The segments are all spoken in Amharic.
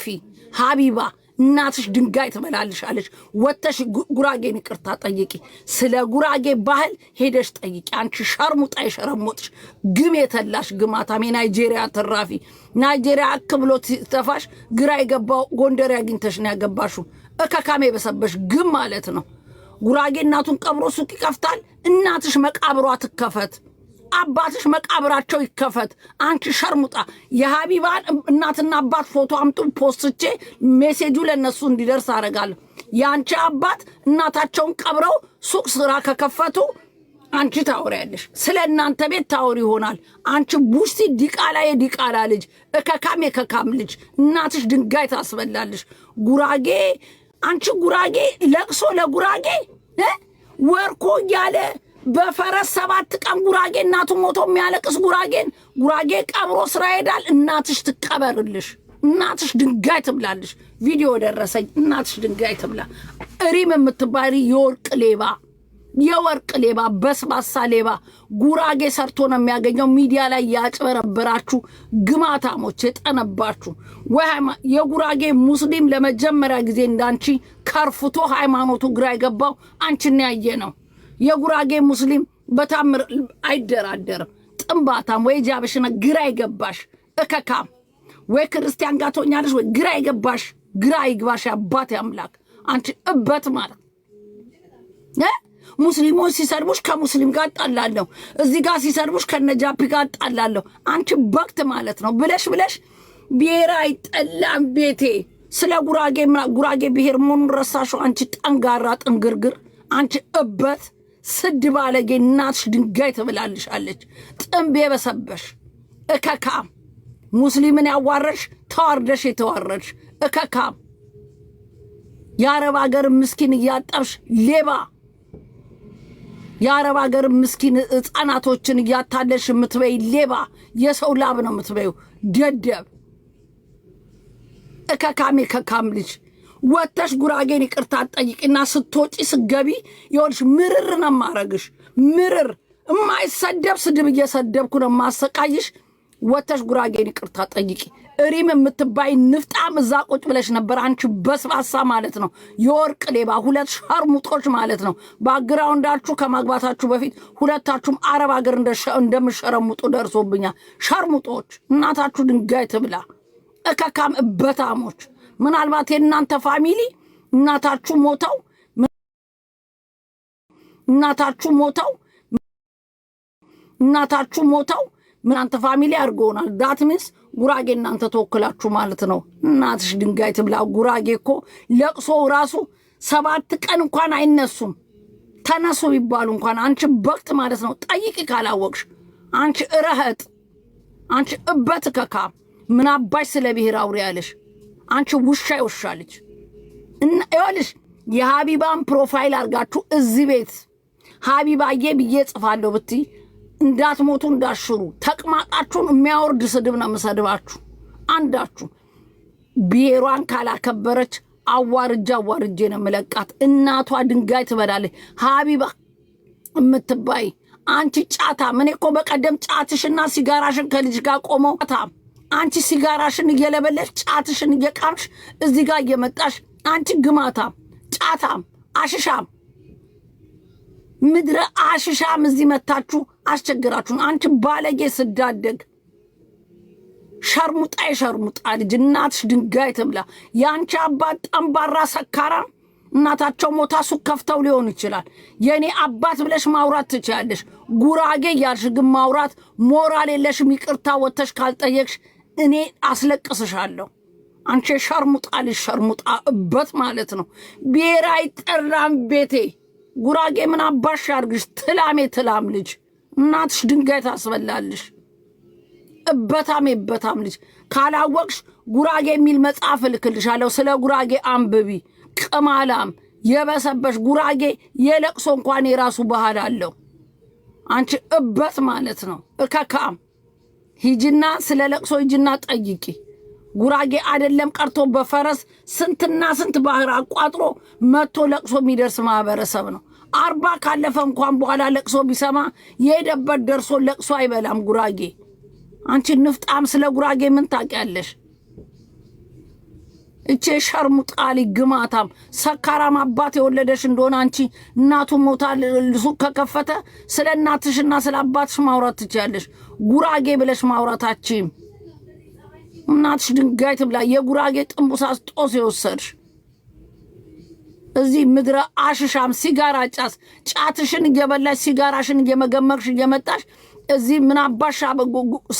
ጠፊ ሀቢባ እናትሽ ድንጋይ ትመላልሻለች። ወተሽ ጉራጌን ይቅርታ ጠይቂ። ስለ ጉራጌ ባህል ሄደሽ ጠይቂ። አንቺ ሸርሙጣ የሸረሞጥሽ ግም የተላሽ ግማታም የናይጄሪያ ትራፊ ናይጄሪያ አክ ብሎ ተፋሽ ግራ የገባው ጎንደር አግኝተሽ ነው ያገባሹ። እከካሜ በሰበሽ ግም ማለት ነው። ጉራጌ እናቱን ቀብሮ ሱቅ ይከፍታል። እናትሽ መቃብሯ ትከፈት። አባትሽ መቃብራቸው ይከፈት። አንቺ ሸርሙጣ የሀቢባን እናትና አባት ፎቶ አምጡ፣ ፖስትቼ ሜሴጁ ለእነሱ እንዲደርስ አደርጋለሁ። የአንቺ አባት እናታቸውን ቀብረው ሱቅ ስራ ከከፈቱ አንቺ ታወሪያለሽ፣ ስለ እናንተ ቤት ታወሪ ይሆናል። አንቺ ቡሽቲ ዲቃላ የዲቃላ ልጅ እከካም የከካም ልጅ እናትሽ ድንጋይ ታስበላለሽ። ጉራጌ አንቺ ጉራጌ ለቅሶ ለጉራጌ ወርኮ እያለ በፈረስ ሰባት ቀን ጉራጌ እናቱ ሞቶ የሚያለቅስ ጉራጌን ጉራጌ ቀብሮ ስራ ሄዳል። እናትሽ ትቀበርልሽ፣ እናትሽ ድንጋይ ትብላልሽ። ቪዲዮ ደረሰኝ። እናትሽ ድንጋይ ትብላ። እሪም የምትባል የወርቅ ሌባ የወርቅ ሌባ በስባሳ ሌባ ጉራጌ ሰርቶ ነው የሚያገኘው። ሚዲያ ላይ ያጭበረበራችሁ ግማታሞች የጠነባችሁ ወይ የጉራጌ ሙስሊም ለመጀመሪያ ጊዜ እንዳንቺ ከርፍቶ ሃይማኖቱ ግራ የገባው አንቺን ያየ ነው። የጉራጌ ሙስሊም በታምር አይደራደርም። ጥንባታም ወይ ጃበሽነ ግራ ይገባሽ እከካም ወይ ክርስቲያን ጋር ትሆኛለሽ ወይ ግራ ይገባሽ፣ ግራ ይግባሽ። አባት አምላክ አንቺ እበት ማለት ሙስሊሞች ሲሰድቡሽ ከሙስሊም ጋር ጣላለሁ፣ እዚህ ጋር ሲሰድቡሽ ከነጃፒ ጋር ጣላለሁ፣ አንቺ በቅት ማለት ነው ብለሽ ብለሽ ብሔር አይጠላም ቤቴ። ስለ ጉራጌ ጉራጌ ብሔር መሆኑን ረሳሽው። አንቺ ጠንጋራ ጥንግርግር፣ አንቺ እበት ስድ ባለጌ እናትሽ ድንጋይ ትብላልሻለች። ጥንብ በሰበሽ እከካም ሙስሊምን ያዋረሽ ተዋርደሽ የተዋረድሽ እከካም የአረብ ሀገር ምስኪን እያጠብሽ ሌባ የአረብ ሀገር ምስኪን ህፃናቶችን እያታለሽ የምትበይ ሌባ፣ የሰው ላብ ነው የምትበዩ ደደብ እከካም የከካም ልጅ ወተሽ ጉራጌን ይቅርታ ጠይቂና ስትወጪ ስገቢ የሆንሽ ምርር ነው ማረግሽ። ምርር የማይሰደብ ስድብ እየሰደብኩ ነው ማሰቃይሽ። ወተሽ ጉራጌን ይቅርታ ጠይቂ። እሪም የምትባይ ንፍጣም እዛ ቁጭ ብለሽ ነበር። አንቺ በስባሳ ማለት ነው፣ የወርቅ ሌባ፣ ሁለት ሸርሙጦች ማለት ነው። ባግራውንዳችሁ ከማግባታችሁ በፊት ሁለታችሁም አረብ ሀገር እንደምሸረሙጡ ደርሶብኛል። ሸርሙጦች፣ እናታችሁ ድንጋይ ትብላ። እከካም እበታሞች ምናልባት የእናንተ ፋሚሊ እናታችሁ ሞተው እናታችሁ ሞተው እናታችሁ ሞተው ምናንተ ፋሚሊ አድርገውናል። ዳት ሚንስ ጉራጌ እናንተ ተወክላችሁ ማለት ነው። እናትሽ ድንጋይ ትብላ። ጉራጌ እኮ ለቅሶ ራሱ ሰባት ቀን እንኳን አይነሱም። ተነሱ ይባሉ እንኳን አንቺ በቅት ማለት ነው። ጠይቂ ካላወቅሽ አንቺ እረህጥ አንቺ እበት ከካ አባሽ ስለ ብሔር አውሪ ያለሽ አንቺ ውሻ ይወሻለች እና ይኸውልሽ የሀቢባን ፕሮፋይል አድርጋችሁ እዚህ ቤት ሀቢባዬ ብዬ ጽፋለሁ ብቲ እንዳትሞቱ እንዳሽሩ ተቅማጣችሁን የሚያወርድ ስድብ ነው የምሰድባችሁ። አንዳችሁ ብሔሯን ካላከበረች አዋርጄ አዋርጄ ነው የምለቃት። እናቷ ድንጋይ ትበላለች። ሀቢባ የምትባይ አንቺ ጫታ ምን እኮ በቀደም ጫትሽና ሲጋራሽን ከልጅ ጋር ቆመው ጫታም አንቺ ሲጋራሽን እየለበለሽ ጫትሽን እየቃምሽ እዚህ ጋር እየመጣሽ አንቺ ግማታም ጫታም አሽሻም ምድረ አሽሻም እዚህ መታችሁ አስቸግራችሁን። አንቺ ባለጌ ስዳደግ ሸርሙጣ የሸርሙጣ ልጅ እናትሽ ድንጋይ ትብላ። የአንቺ አባት ጠንባራ ሰካራ እናታቸው ሞታ ሱቅ ከፍተው ሊሆን ይችላል። የእኔ አባት ብለሽ ማውራት ትችያለሽ። ጉራጌ እያልሽ ግን ማውራት ሞራል የለሽም። ይቅርታ ወጥተሽ ካልጠየቅሽ እኔ አስለቅስሻለሁ። አንቺ ሸርሙጣ ልጅ ሸርሙጣ እበት ማለት ነው። ብሔር አይጠራም ቤቴ። ጉራጌ ምን አባሽ ያድርግሽ? ትላሜ ትላም ልጅ እናትሽ ድንጋይ ታስበላልሽ። እበታም የበታም ልጅ ካላወቅሽ ጉራጌ የሚል መጽሐፍ እልክልሻለሁ። ስለ ጉራጌ አንብቢ። ቅማላም የበሰበሽ ጉራጌ የለቅሶ እንኳን የራሱ ባህል አለው። አንቺ እበት ማለት ነው እከካም ሂጅና ስለ ለቅሶ ሂጅና ጠይቂ። ጉራጌ አይደለም ቀርቶ በፈረስ ስንትና ስንት ባህር አቋጥሮ መጥቶ ለቅሶ የሚደርስ ማህበረሰብ ነው። አርባ ካለፈ እንኳን በኋላ ለቅሶ ቢሰማ የሄደበት ደርሶ ለቅሶ አይበላም ጉራጌ። አንቺ ንፍጣም ስለ ጉራጌ ምን ታውቂያለሽ? እቼ ሸርሙ ጣሊ ግማታም ሰካራም አባት የወለደሽ እንደሆነ አንቺ እናቱ ሞታ ሱቅ ከከፈተ ስለ እናትሽና ስለ አባትሽ ማውራት ትችያለሽ። ጉራጌ ብለሽ ማውራታችም እናትሽ ድንጋይ ትብላ። የጉራጌ ጥንቡሳ ጦስ የወሰድሽ እዚህ ምድረ አሽሻም ሲጋራ ጫስ ጫትሽን እየበላሽ ሲጋራሽን እየመገመቅሽ እየመጣሽ እዚህ ምን አባሻ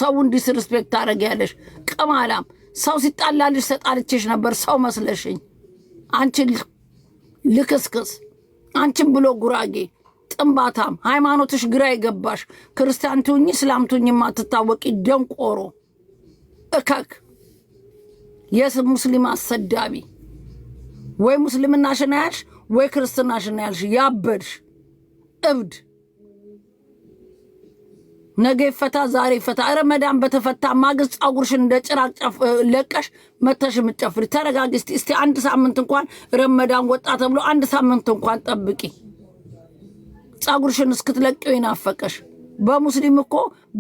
ሰው እንዲህ ሪስፔክት ያለሽ ቅማላም ሰው ሲጣላልሽ ተጣልቼሽ ነበር ሰው መስለሽኝ፣ አንቺ ልክስክስ፣ አንቺን ብሎ ጉራጌ ጥንባታም፣ ሃይማኖትሽ ግራ የገባሽ ክርስቲያን ትሁኝ እስላም ትሁኝ የማትታወቂ ደንቆሮ እከክ፣ ሙስሊም አሰዳቢ፣ ወይ ሙስሊምናሽን ያልሽ ወይ ክርስትናሽን ያልሽ ያበድሽ እብድ ነገ ይፈታ ዛሬ ይፈታ። ረመዳን በተፈታ ማግስት ጸጉርሽን እንደ ጭራቅ ለቀሽ መተሽ የምትጨፍሪ ተረጋጊ። እስቲ እስቲ አንድ ሳምንት እንኳን ረመዳን ወጣ ተብሎ አንድ ሳምንት እንኳን ጠብቂ። ጸጉርሽን እስክትለቂው ይናፈቀሽ። በሙስሊም እኮ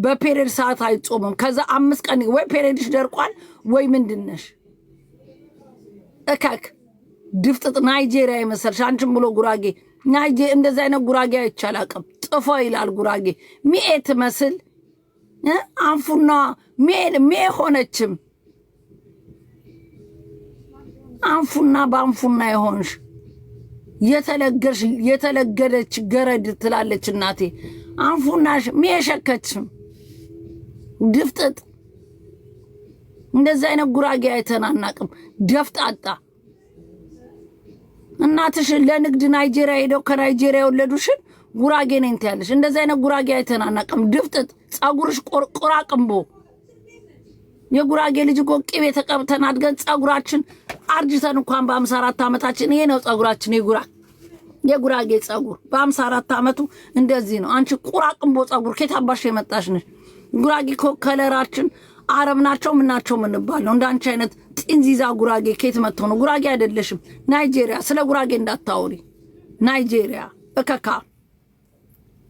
በፔሬድ ሰዓት አይጾምም። ከዛ አምስት ቀን ወይ ፔሬድሽ ደርቋል ወይ ምንድነሽ እከክ ድፍጥጥ ናይጄሪያ የመሰልሽ አንቺም ብሎ ጉራጌ ናይ እንደዚ አይነት ጉራጌ አይቼ አላቅም። ጥፎ ይላል ጉራጌ ሚኤ ትመስል አንፉና ሚኤ ሆነችም አንፉና በአንፉና የሆንሽ የተለገሽ የተለገደች ገረድ ትላለች እናቴ። አንፉናሽ ሚየሸከችም ድፍጥጥ እንደዚህ አይነት ጉራጌ አይተናናቅም። ደፍጣጣ እናትሽን ለንግድ ናይጄሪያ ሄደው ከናይጄሪያ የወለዱሽን ጉራጌ ነኝ ትያለሽ። እንደዚህ አይነት ጉራጌ አይተን አናቅም። ድፍጥጥ ጸጉርሽ ቁራቅምቦ የጉራጌ ልጅ እኮ ቅቤ ተቀብተን አድገን ጸጉራችን አርጅተን እንኳን በአምሳ አራት ዓመታችን ይሄ ነው ጸጉራችን የጉራ የጉራጌ ጸጉር በአምሳ አራት ዓመቱ እንደዚህ ነው። አንቺ ቁራቅምቦ ጸጉር ኬት አባሽ የመጣሽ ነሽ? ጉራጌ እኮ ከለራችን አረብ ናቸው ምናቸው ምንባል ነው እንደ አንቺ አይነት ጥንዚዛ ጉራጌ ኬት መጥቶ ነው? ጉራጌ አይደለሽም። ናይጄሪያ ስለ ጉራጌ እንዳታወሪ። ናይጄሪያ እከካ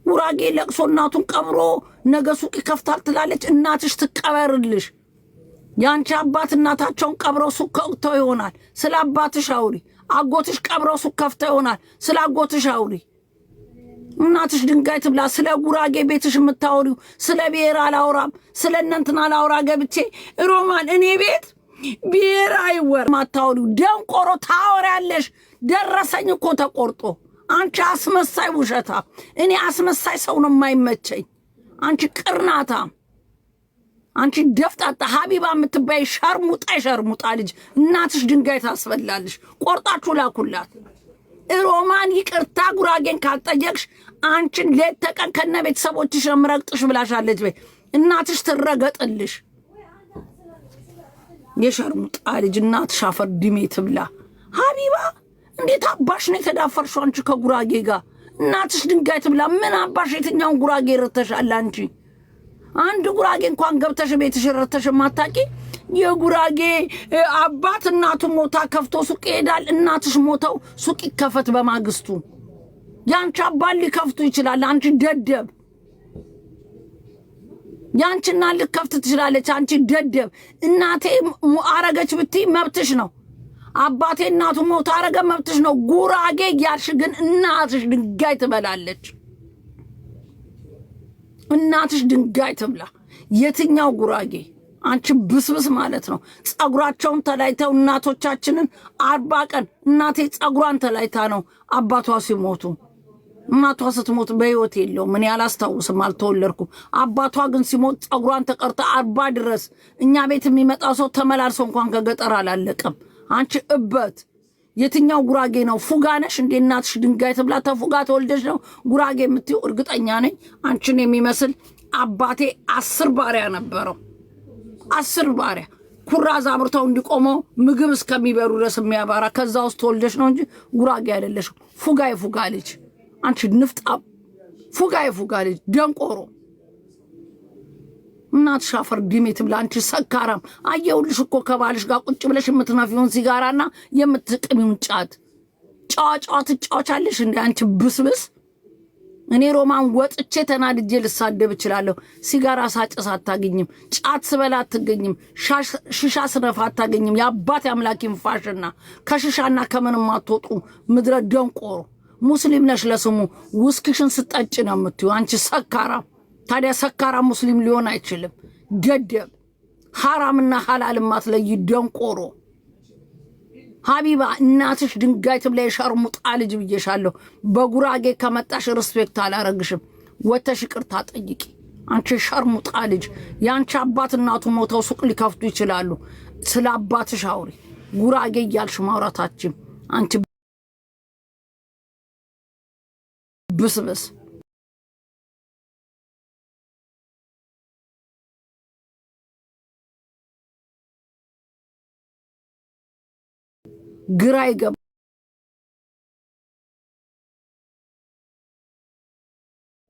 ጉራጌ ለቅሶ እናቱን ቀብሮ ነገ ሱቅ ይከፍታል ትላለች። እናትሽ ትቀበርልሽ። የአንቺ አባት እናታቸውን ቀብረው ሱቅ ከቅተው ይሆናል። ስለ አባትሽ አውሪ። አጎትሽ ቀብረው ሱቅ ከፍተው ይሆናል። ስለ አጎትሽ አውሪ። እናትሽ ድንጋይ ትብላ። ስለ ጉራጌ ቤትሽ የምታወሪው ስለ ብሔር አላውራም፣ ስለ እነ አላውራ ገብቼ ሮማን እኔ ቤት ብሔራዊ ወር ማታወሪው ደንቆሮ ታወሪያለሽ። ደረሰኝ እኮ ተቆርጦ። አንቺ አስመሳይ ውሸታ። እኔ አስመሳይ ሰው ነው የማይመቸኝ። አንቺ ቅርናታ፣ አንቺ ደፍጣጣ፣ ሀቢባ የምትባይ ሸርሙጣ፣ ሸርሙጣ ልጅ እናትሽ ድንጋይ ታስበላለሽ። ቆርጣችሁ ላኩላት። ሮማን ይቅርታ ጉራጌን ካልጠየቅሽ አንቺን ሌት ተቀን ከነ ቤተሰቦችሽ ምረግጥሽ ብላሻለች። ቤት እናትሽ ትረገጥልሽ። የሸርሙጣ ልጅ እናት ሻፈር ድሜ ትብላ። ሀቢባ እንዴት አባሽ ነው የተዳፈርሽው? አንቺ ከጉራጌ ጋር እናትሽ ድንጋይ ትብላ። ምን አባሽ የትኛውን ጉራጌ ረተሻል አንቺ? አንድ ጉራጌ እንኳን ገብተሽ ቤትሽ ረተሽ ማታቂ። የጉራጌ አባት እናቱ ሞታ ከፍቶ ሱቅ ይሄዳል። እናትሽ ሞተው ሱቅ ይከፈት በማግስቱ። ያንቺ አባት ሊከፍቱ ይችላል። አንቺ ደደብ ያንቺና ልከፍት ትችላለች። አንቺ ደደብ እናቴ አረገች ብቲ መብትሽ ነው። አባቴ እናቱ ሞት አረገ መብትሽ ነው። ጉራጌ ያልሽ ግን እናትሽ ድንጋይ ትበላለች። እናትሽ ድንጋይ ትብላ። የትኛው ጉራጌ አንቺ ብስብስ ማለት ነው። ጸጉራቸውን ተላይተው እናቶቻችንን አርባ ቀን እናቴ ጸጉሯን ተላይታ ነው አባቷ ሲሞቱ እናቷ ስትሞት በህይወት የለውም። እኔ አላስታውስም፣ አልተወለድኩም። አባቷ ግን ሲሞት ፀጉሯን ተቀርታ አርባ ድረስ እኛ ቤት የሚመጣ ሰው ተመላልሶ እንኳን ከገጠር አላለቀም። አንቺ እበት የትኛው ጉራጌ ነው? ፉጋ ነሽ እንዴ? እናትሽ ድንጋይ ትብላ ተፉጋ ተወልደሽ ነው ጉራጌ የምትይው? እርግጠኛ ነኝ አንቺን የሚመስል አባቴ አስር ባሪያ ነበረው። አስር ባሪያ ኩራዝ አምርተው እንዲቆመው ምግብ እስከሚበሩ ድረስ የሚያባራ ከዛ ውስጥ ተወልደሽ ነው እንጂ ጉራጌ አይደለሽም። ፉጋ የፉጋ ልጅ አንቺ ንፍጣም፣ ፉጋ፣ የፉጋ ልጅ ደንቆሮ፣ እናትሽ አፈር ድሜ ትብላ። አንቺ ሰካራም፣ አየሁልሽ እኮ ከባልሽ ጋር ቁጭ ብለሽ የምትነፊውን ሲጋራና የምትቅሚውን ጫት። ጨዋ ጨዋ ትጫወቻለሽ እንደ አንቺ ብስብስ። እኔ ሮማን ወጥቼ ተናድጄ ልሳደብ እችላለሁ። ሲጋራ ሳጨስ አታገኝም፣ ጫት ስበላ አትገኝም፣ ሽሻ ስነፋ አታገኝም። የአባት አምላኪን ፋሽና ከሽሻና ከምንም አትወጡ ምድረ ደንቆሮ ሙስሊም ነሽ ለስሙ ውስኪሽን ስጠጭ ነው የምትዩ አንቺ ሰካራም። ታዲያ ሰካራ ሙስሊም ሊሆን አይችልም። ገደብ ሐራምና ሐላል ማትለይ ደንቆሮ ሀቢባ እናትሽ ድንጋይ ትብላ። የሸርሙጣ ልጅ ብዬሻለሁ። በጉራጌ ከመጣሽ ርስፔክት አላረግሽም። ወተሽ ይቅርታ ጠይቂ። አንቺ ሸርሙጣ ልጅ፣ የአንቺ አባት እናቱ ሞተው ሱቅ ሊከፍቱ ይችላሉ። ስለ አባትሽ አውሪ። ጉራጌ እያልሽ ማውራታችም አንቺ ብስብስ ግራ ይገባ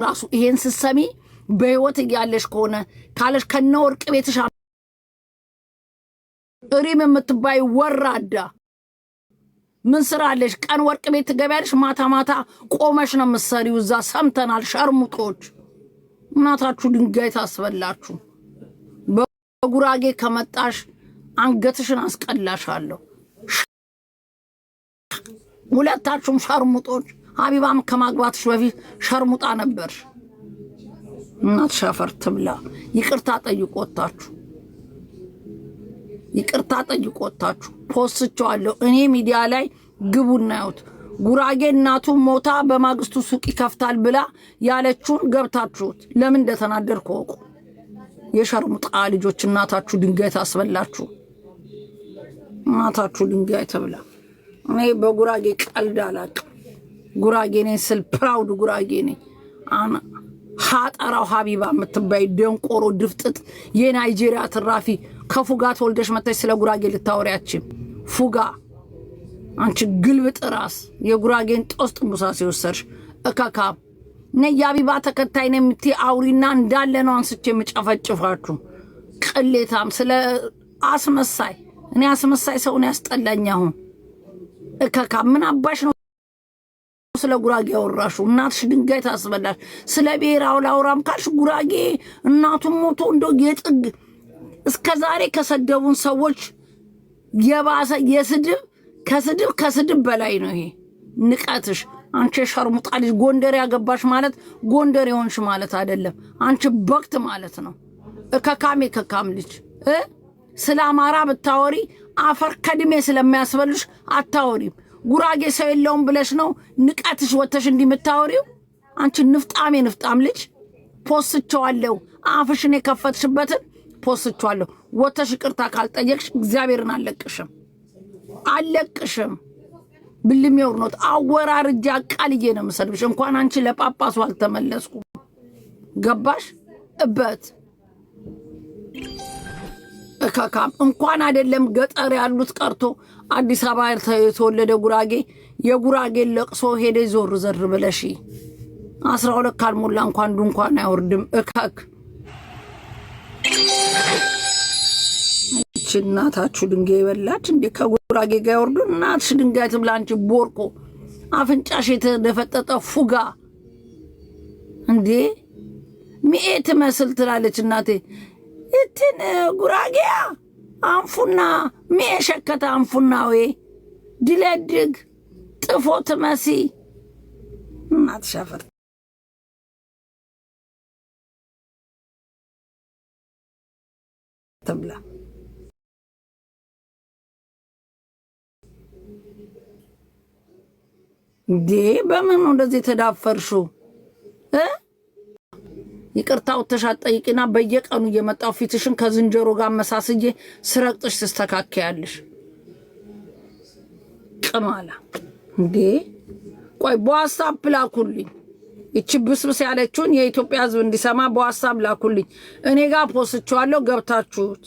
ራሱ ይሄን ስትሰሚ በህይወት እያለሽ ከሆነ ካለሽ ከነ ወርቅ ቤትሻ እሪም የምትባይ ወራዳ ምን ስራ አለሽ? ቀን ወርቅ ቤት ትገቢያለሽ፣ ማታ ማታ ቆመሽ ነው የምትሰሪው። እዛ ሰምተናል። ሸርሙጦች እናታችሁ ድንጋይ ታስበላችሁ። በጉራጌ ከመጣሽ አንገትሽን አስቀላሻለሁ። ሁለታችሁም ሸርሙጦች። ሀቢባም ከማግባትሽ በፊት ሸርሙጣ ነበርሽ። እናት ሸፈር ትብላ። ይቅርታ ጠይቆታችሁ ይቅርታ ጠይቆታችሁ ፖስቸዋለሁ እኔ ሚዲያ ላይ ግቡ እናዩት። ጉራጌ እናቱ ሞታ በማግስቱ ሱቅ ይከፍታል ብላ ያለችውን ገብታችሁት ለምን እንደተናደርኩ እወቁ። የሸርሙጣ ልጆች እናታችሁ ድንጋይ ታስበላችሁ። እናታችሁ ድንጋይ ተብላ እኔ በጉራጌ ቀልድ አላቅም። ጉራጌ ነኝ ስል ፕራውድ ጉራጌ ነኝ። ሀጠራው ሀቢባ የምትባይ ደንቆሮ ድፍጥጥ የናይጄሪያ ትራፊ ከፉጋ ተወልደሽ መጥተሽ ስለ ጉራጌ ልታወሪያችም ፉጋ አንቺ ግልብጥ ራስ የጉራጌን ጦስ ጥንቡሳ ሲወሰርሽ እከካ ነያቢባ ተከታይ ነው የምትይ አውሪና እንዳለ ነው አንስቼ የምጨፈጭፋችሁ ቅሌታም ስለ አስመሳይ እኔ አስመሳይ ሰውን ያስጠላኝ አሁን እከካ ምን አባሽ ነው ስለ ጉራጌ ያወራሹ እናትሽ ድንጋይ ታስበላሽ ስለ ብሔራው ላውራም ካልሽ ጉራጌ እናቱም ሞቶ እንደ የጥግ እስከ ዛሬ ከሰደቡን ሰዎች የባሰ የስድብ ከስድብ ከስድብ በላይ ነው ይሄ ንቀትሽ። አንቺ የሸርሙጣ ልጅ ጎንደር ያገባሽ ማለት ጎንደር የሆንሽ ማለት አይደለም። አንቺ በቅት ማለት ነው። ከካም ከካም ልጅ ስለ አማራ ብታወሪ አፈር ከድሜ ስለሚያስበልሽ አታወሪም። ጉራጌ ሰው የለውም ብለሽ ነው ንቀትሽ ወተሽ እንዲምታወሪው አንቺ ንፍጣሜ ንፍጣም ልጅ ፖስትቸዋለሁ አፍሽን የከፈትሽበትን ፖስችዋለሁ። ወተሽ ይቅርታ ካልጠየቅሽ እግዚአብሔርን አለቅሽም አለቅሽም። ብልም የውርኖት አወራርጃ ቃልዬ ነው የምሰድብሽ። እንኳን አንቺ ለጳጳሱ አልተመለስኩም። ገባሽ እበት እከካም እንኳን አይደለም ገጠር ያሉት ቀርቶ አዲስ አበባ የተወለደ ጉራጌ የጉራጌን ለቅሶ ሄደ ዞር ዘር ብለሽ አስራ ሁለት ካልሞላ እንኳን ድንኳን አይወርድም እከክ ይች እናታችሁ ድንጋይ የበላች እንዴ? ከጉራጌ ጋ ወርዶ እናትሽ ድንጋይ ትብላ። አንቺ ቦርቆ፣ አፍንጫሽ የተደፈጠጠ ፉጋ እንዴ ሚኤ ትመስል ትላለች እናቴ። እትን ጉራጌያ አንፉና ሚኤ ሸከተ አንፉና ዌ ድለድግ ጥፎ ትመሲ እናትሽ አፈር ትብላ። እንዴ በምን ነው እንደዚህ የተዳፈርሽው? ይቅርታው ተሻጠይቅና በየቀኑ እየመጣው ፊትሽን ከዝንጀሮ ጋር መሳስዬ ስረቅጥሽ ትስተካከያለሽ። ቅማላ እንዴ ቆይ በዋትሳፕ ላኩልኝ። ይቺ ብስብስ ያለችውን የኢትዮጵያ ሕዝብ እንዲሰማ በዋትሳፕ ላኩልኝ። እኔ ጋር ፖስችዋለሁ፣ ገብታችሁት።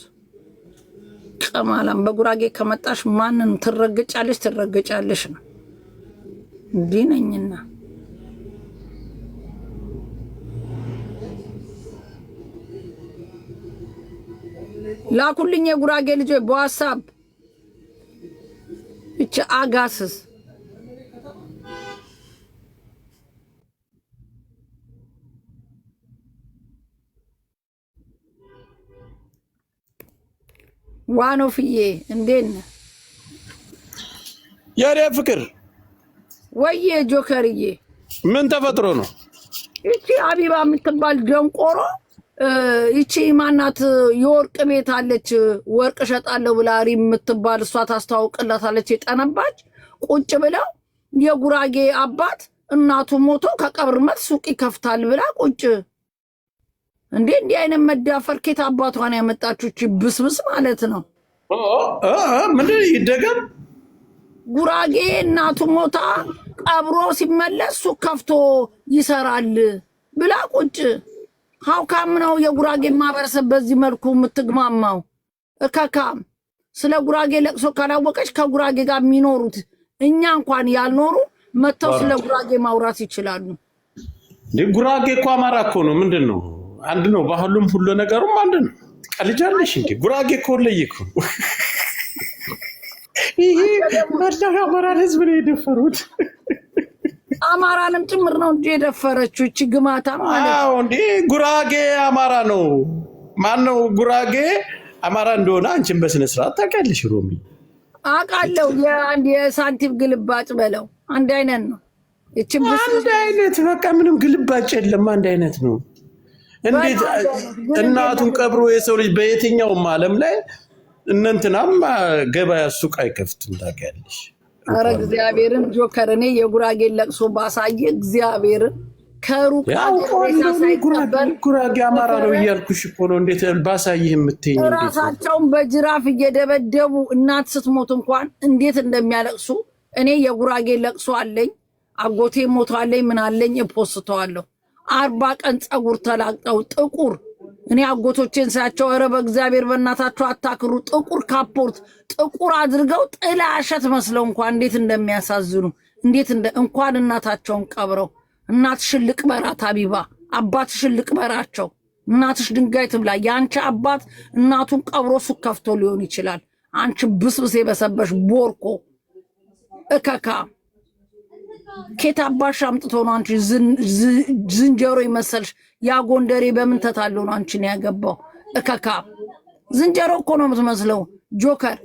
ቅማላም በጉራጌ ከመጣሽ ማንን ትረግጫለሽ? ትረግጫለሽ ነው እንዲህ ነኝና ላኩልኝ የጉራጌ ልጆች በዋሳብ እች አጋስስ ዋኖፍዬ እንዴት ነህ የኔ ፍቅር? ወይዬ ጆከርዬ፣ ምን ተፈጥሮ ነው? ይቺ አቢባ የምትባል ደንቆሮ ይቺ ማናት የወርቅ ቤት አለች፣ ወርቅ እሸጣለሁ ብላ ሪ የምትባል እሷ ታስተዋውቅላታለች። የጠነባች ቁጭ ብለው የጉራጌ አባት እናቱ ሞቶ ከቀብር መልስ ሱቅ ይከፍታል ብላ ቁጭ እንዴ! እንዲህ አይነት መዳፈር ኬት አባቷን ያመጣችሁ ብስብስ ማለት ነው። ምንድን ይደገም ጉራጌ እናቱ ሞታ ቀብሮ ሲመለስ ሱቅ ከፍቶ ይሰራል ብላ ቁጭ ሀውካም ነው የጉራጌ ማህበረሰብ በዚህ መልኩ የምትግማማው። እከካም ስለ ጉራጌ ለቅሶ ካላወቀች ከጉራጌ ጋር የሚኖሩት እኛ እንኳን ያልኖሩ መጥተው ስለ ጉራጌ ማውራት ይችላሉ። ጉራጌ እኮ አማራ እኮ ነው። ምንድን ነው አንድ ነው። ባህሉም ሁሉ ነገሩም አንድ ነው። ቀልጃለሽ እንዴ? ጉራጌ እኮ ለይኩ ይሄ መላው የአማራን ህዝብ ነው የደፈሩት። አማራንም ጭምር ነው እንዲ የደፈረችው እቺ ግማታ እንዲ ጉራጌ አማራ ነው። ማን ነው ጉራጌ አማራ እንደሆነ አንቺን በስነስርዓት ታውቂያለሽ ሮሚ። አውቃለሁ። የአንድ የሳንቲም ግልባጭ በለው አንድ አይነት ነው። አንድ አይነት በቃ ምንም ግልባጭ የለም። አንድ አይነት ነው። እንዴት እናቱን ቀብሮ የሰው ልጅ በየትኛውም ዓለም ላይ እነንትናም ገበያ ሱቅ አይከፍትም ታውቂያለሽ። አረ እግዚአብሔርን ጆከር፣ እኔ የጉራጌን ለቅሶ ባሳየ እግዚአብሔርን ከሩቅ አማራ ነው እያልኩሽ እኮ ነው። እንዴት ባሳይህ የምትይኝ? ራሳቸውን በጅራፍ እየደበደቡ እናት ስትሞት እንኳን እንዴት እንደሚያለቅሱ እኔ የጉራጌ ለቅሶ አለኝ። አጎቴ ሞቷለኝ፣ ምናለኝ፣ አለኝ፣ እፖስተዋለሁ። አርባ ቀን ፀጉር ተላቅጠው ጥቁር እኔ አጎቶቼን ሳያቸው ኧረ በእግዚአብሔር በእናታቸው አታክሩ። ጥቁር ካፖርት ጥቁር አድርገው ጥላሸት መስለው እንኳ እንዴት እንደሚያሳዝኑ እንዴት እንኳን እናታቸውን ቀብረው። ልቅ በራት አቢባ፣ ልቅ ልቅበራቸው። እናትሽ ድንጋይ ትብላ። የአንቺ አባት እናቱን ቀብሮ ሱቅ ከፍቶ ሊሆን ይችላል። አንቺ ብስብስ የበሰበሽ ቦርኮ እከካ ኬት አባሽ አምጥቶ ነው አንቺ ዝንጀሮ ይመሰልሽ ያ ጎንደሬ በምን ተታለ ነው አንቺን ያገባው? እከካ ዝንጀሮ እኮ ነው የምትመስለው ጆከር።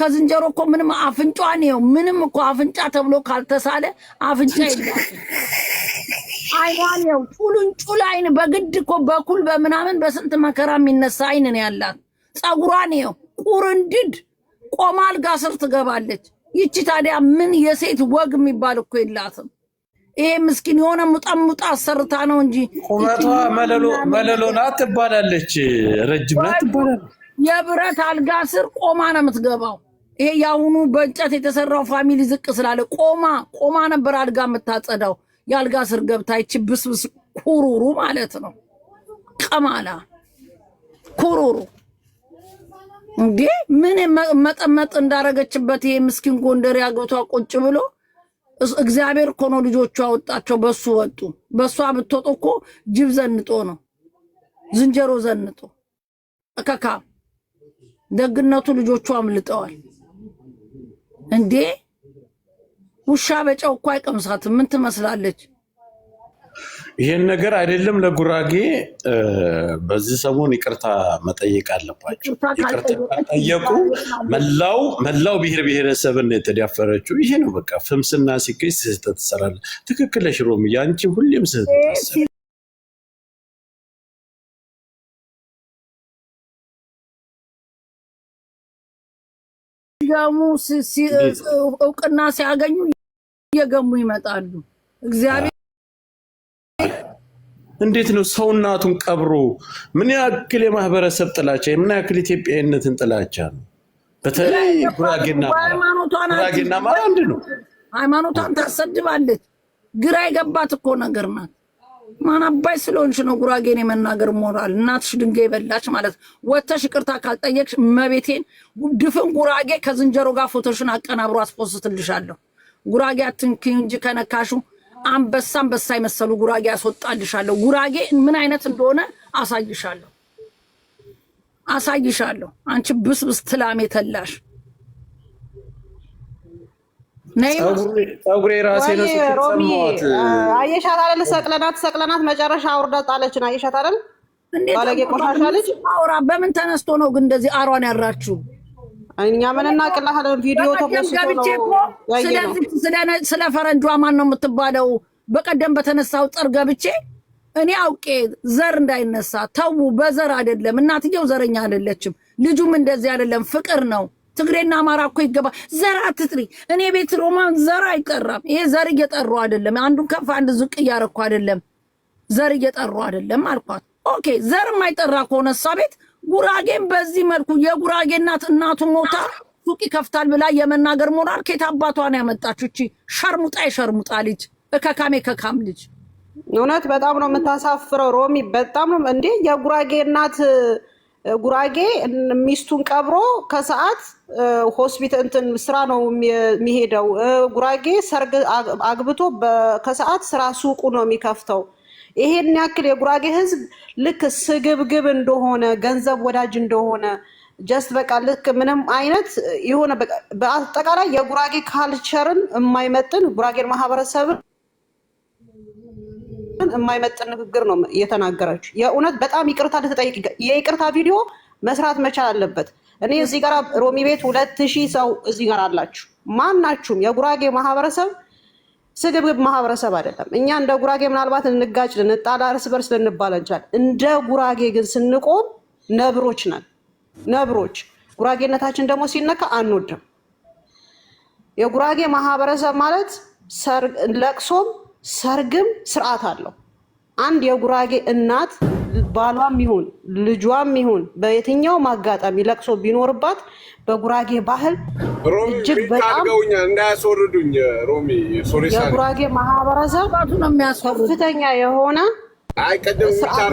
ከዝንጀሮ እኮ ምንም አፍንጫ ነው ምንም እኮ አፍንጫ ተብሎ ካልተሳለ አፍንጫ የለም። አይኗን ነው ጩልንጩል አይን በግድ እኮ በኩል በምናምን በስንት መከራ የሚነሳ አይን ነው ያላት። ፀጉሯን ነው ቁርንድድ ቆማ አልጋ ስር ትገባለች። ይቺ ታዲያ ምን የሴት ወግ የሚባል እኮ የላትም። ይሄ ምስኪን የሆነ ሙጣ ሙጣ አሰርታ ነው እንጂ ቁመቷ መለሎ ትባላለች፣ ረጅም ናት ትባላለች። የብረት አልጋ ስር ቆማ ነው የምትገባው። ይሄ የአሁኑ በእንጨት የተሰራው ፋሚሊ ዝቅ ስላለ ቆማ ቆማ ነበር አልጋ የምታጸዳው። የአልጋ ስር ገብታ ይች ብስብስ ኩሩሩ ማለት ነው። ቀማላ ኩሩሩ እንዴ ምን መጠመጥ እንዳረገችበት ይሄ ምስኪን ጎንደር ያገቷ ቁጭ ብሎ እግዚአብሔር እኮ ነው ልጆቹ አወጣቸው። በሱ ወጡ። በሷ ብትወጡ እኮ ጅብ ዘንጦ ነው ዝንጀሮ ዘንጦ እከካ። ደግነቱ ልጆቹ አምልጠዋል እንዴ! ውሻ በጨው እኮ አይቀምሳትም። ምን ትመስላለች? ይሄን ነገር አይደለም ለጉራጌ በዚህ ሰሞን ይቅርታ መጠየቅ አለባቸው። ይቅርታ ጠየቁ። መላው መላው ብሔር ብሔረሰብን የተዳፈረችው ይሄ ነው። በቃ ፍምስና ሲገኝ ስህተት ትሰራለ። ትክክለ ሽሮም ያንቺ ሁሌም ስህተት ገሙ እውቅና ሲያገኙ እየገሙ ይመጣሉ እግዚአብሔር እንዴት ነው ሰው እናቱን ቀብሮ? ምን ያክል የማህበረሰብ ጥላቻ፣ ምን ያክል ኢትዮጵያዊነትን ጥላቻ ነው። በተለይ ጉራጌና ጉራጌና ማራ አንድ ነው። ሃይማኖቷን ታሰድባለች። ግራ የገባት እኮ ነገር ናት። ማን አባይ ስለሆንሽ ነው ጉራጌን የመናገር ሞራል? እናትሽ ድንጋይ በላች ማለት ወተሽ ይቅርታ ካልጠየቅሽ መቤቴን ድፍን ጉራጌ ከዝንጀሮ ጋር ፎቶሽን አቀናብሮ አስፖስትልሻለሁ። ጉራጌ አትንኪ እንጂ ከነካሹ አንበሳ አንበሳ የመሰሉ ጉራጌ ያስወጣልሻለሁ። ጉራጌ ምን አይነት እንደሆነ አሳይሻለሁ አሳይሻለሁ። አንቺ ብስብስ ትላም የተላሽ ፀጉሬ ራሴ ነው አየሻት አይደል? ሰቅለናት ሰቅለናት መጨረሻ አውርዳ ነው። አየሻት አይደል? ባለጌ ቆሻሻ ልጅ አውራ በምን ተነስቶ ነው ግን እንደዚህ አሯን ያራችሁ? እኛ ምን እናቅልሃለን? ቪዲዮ ተፖስቶ ስለ ፈረንጇ ማን ነው የምትባለው? በቀደም በተነሳው ጠር ገብቼ እኔ አውቄ ዘር እንዳይነሳ ተዉ። በዘር አይደለም፣ እናትየው ዘረኛ አይደለችም፣ ልጁም እንደዚህ አይደለም። ፍቅር ነው። ትግሬና አማራ እኮ ይገባ። ዘር አትጥሪ። እኔ ቤት ሮማን ዘር አይጠራም። ይሄ ዘር እየጠሩ አይደለም። አንዱን ከፍ አንድ ዝቅ እያረኩ አይደለም። ዘር እየጠሩ አይደለም አልኳት። ኦኬ ዘር የማይጠራ ከሆነ እሷ ቤት ጉራጌን በዚህ መልኩ የጉራጌ እናት እናቱ ሞታ ሱቅ ይከፍታል ብላ የመናገር ሞራል ከየት አባቷን ያመጣችሁ? እቺ ሸርሙጣ የሸርሙጣ ልጅ ከካሜ ከካም ልጅ እውነት በጣም ነው የምታሳፍረው። ሮሚ በጣም ነው እንዴ! የጉራጌ እናት ጉራጌ ሚስቱን ቀብሮ ከሰዓት ሆስፒታል እንትን ስራ ነው የሚሄደው። ጉራጌ ሰርግ አግብቶ ከሰዓት ስራ ሱቁ ነው የሚከፍተው። ይሄን ያክል የጉራጌ ህዝብ ልክ ስግብግብ እንደሆነ ገንዘብ ወዳጅ እንደሆነ ጀስት በቃ ልክ ምንም አይነት የሆነ በአጠቃላይ የጉራጌ ካልቸርን የማይመጥን ጉራጌን ማህበረሰብን የማይመጥን ንግግር ነው እየተናገረች። የእውነት በጣም ይቅርታ ልትጠይቅ የይቅርታ ቪዲዮ መስራት መቻል አለበት። እኔ እዚህ ጋር ሮሚ ቤት ሁለት ሺህ ሰው እዚህ ጋር አላችሁ። ማናችሁም የጉራጌ ማህበረሰብ ስግብግብ ማህበረሰብ አይደለም። እኛ እንደ ጉራጌ ምናልባት ልንጋጭ፣ ልንጣላ፣ እርስ በርስ ልንባል እንችላለን። እንደ ጉራጌ ግን ስንቆም ነብሮች ነን። ነብሮች ጉራጌነታችን ደግሞ ሲነካ አንወድም። የጉራጌ ማህበረሰብ ማለት ለቅሶም ሰርግም ስርዓት አለው። አንድ የጉራጌ እናት ባሏም ይሁን ልጇም ይሁን በየትኛውም አጋጣሚ ለቅሶ ቢኖርባት በጉራጌ ባህል እጅግ በጣም እንዳያስወርዱኝ ሮሚ የጉራጌ ማህበረሰብ ከፍተኛ የሆነ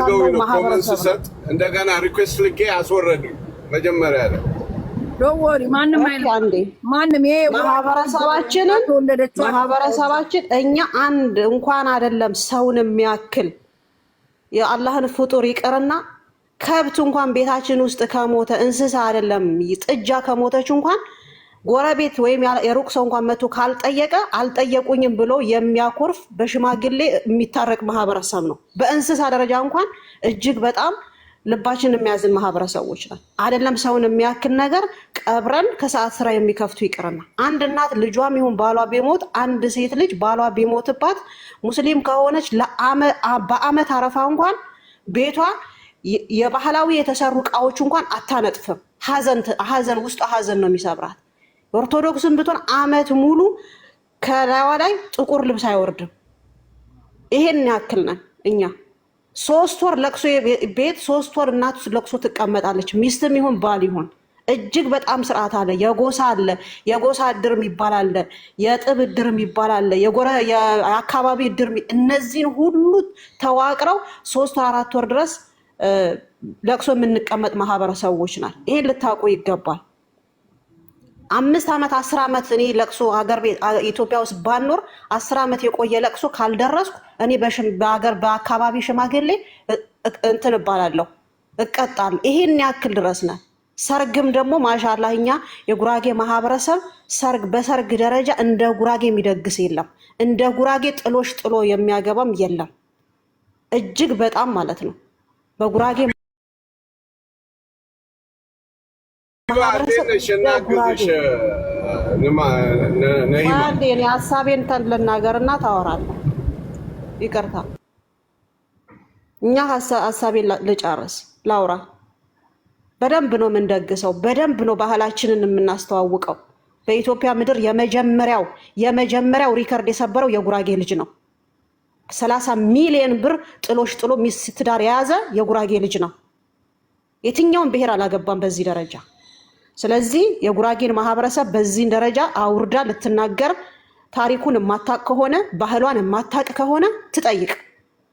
ነው እንደገና ሪኩዌስት ልኬ አስወረዱኝ። መጀመሪያ ዶወሪ ማንም አይልም። ማንም ይሄ ማህበረሰባችንን ማህበረሰባችን እኛ አንድ እንኳን አይደለም ሰውን የሚያክል የአላህን ፍጡር ይቅርና ከብት እንኳን ቤታችን ውስጥ ከሞተ እንስሳ አይደለም ጥጃ ከሞተች እንኳን ጎረቤት ወይም የሩቅ ሰው እንኳን መቶ ካልጠየቀ አልጠየቁኝም ብሎ የሚያኮርፍ በሽማግሌ የሚታረቅ ማህበረሰብ ነው። በእንስሳ ደረጃ እንኳን እጅግ በጣም ልባችን የሚያዝን ማህበረሰቦች ናት። አይደለም ሰውን የሚያክል ነገር ቀብረን ከሰዓት ስራ የሚከፍቱ ይቅርና አንድ እናት ልጇም ይሁን ባሏ ቢሞት አንድ ሴት ልጅ ባሏ ቢሞትባት ሙስሊም ከሆነች በአመት አረፋ እንኳን ቤቷ የባህላዊ የተሰሩ እቃዎች እንኳን አታነጥፍም። ሀዘን ውስጥ ሀዘን ነው የሚሰብራት። ኦርቶዶክስን ብትሆን አመት ሙሉ ከላዋ ላይ ጥቁር ልብስ አይወርድም። ይሄን ያክል ነን እኛ። ሶስት ወር ለቅሶ ቤት ሶስት ወር እናቱ ለቅሶ ትቀመጣለች። ሚስትም ይሁን ባል ይሁን እጅግ በጣም ስርዓት አለ። የጎሳ አለ፣ የጎሳ እድርም የሚባል የጥብ እድርም የሚባል አለ፣ የአካባቢ እድር። እነዚህን ሁሉ ተዋቅረው ሶስት ወር አራት ወር ድረስ ለቅሶ የምንቀመጥ ማህበረሰቦች ናል። ይሄን ልታውቁ ይገባል። አምስት ዓመት አስር ዓመት እኔ ለቅሶ ሀገር ቤት ኢትዮጵያ ውስጥ ባኖር አስር ዓመት የቆየ ለቅሶ ካልደረስኩ እኔ በሀገር በአካባቢ ሽማግሌ እንትን እባላለሁ እቀጣል። ይሄን ያክል ድረስ ነ ሰርግም ደግሞ ማሻላ እኛ የጉራጌ ማህበረሰብ ሰርግ በሰርግ ደረጃ እንደ ጉራጌ የሚደግስ የለም። እንደ ጉራጌ ጥሎሽ ጥሎ የሚያገባም የለም። እጅግ በጣም ማለት ነው። በጉራጌ ማለትነሽናግሽንዴን ሀሳቤን ልናገር እና ታወራለህ። ይቅርታ እኛ ሀሳቤን ልጨርስ ላውራ። በደንብ ነው የምንደግሰው፣ በደንብ ነው ባህላችንን የምናስተዋውቀው። በኢትዮጵያ ምድር የመጀመሪያው የመጀመሪያው ሪከርድ የሰበረው የጉራጌ ልጅ ነው። ሰላሳ ሚሊየን ብር ጥሎሽ ጥሎ ሚስት ትዳር የያዘ የጉራጌ ልጅ ነው። የትኛውን ብሔር አላገባም በዚህ ደረጃ ስለዚህ የጉራጌን ማህበረሰብ በዚህን ደረጃ አውርዳ ልትናገር ታሪኩን የማታቅ ከሆነ ባህሏን የማታቅ ከሆነ ትጠይቅ፣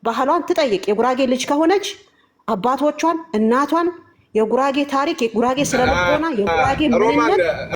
ባህሏን ትጠይቅ። የጉራጌ ልጅ ከሆነች አባቶቿን እናቷን የጉራጌ ታሪክ የጉራጌ ስነልቦና የጉራጌ ምንነት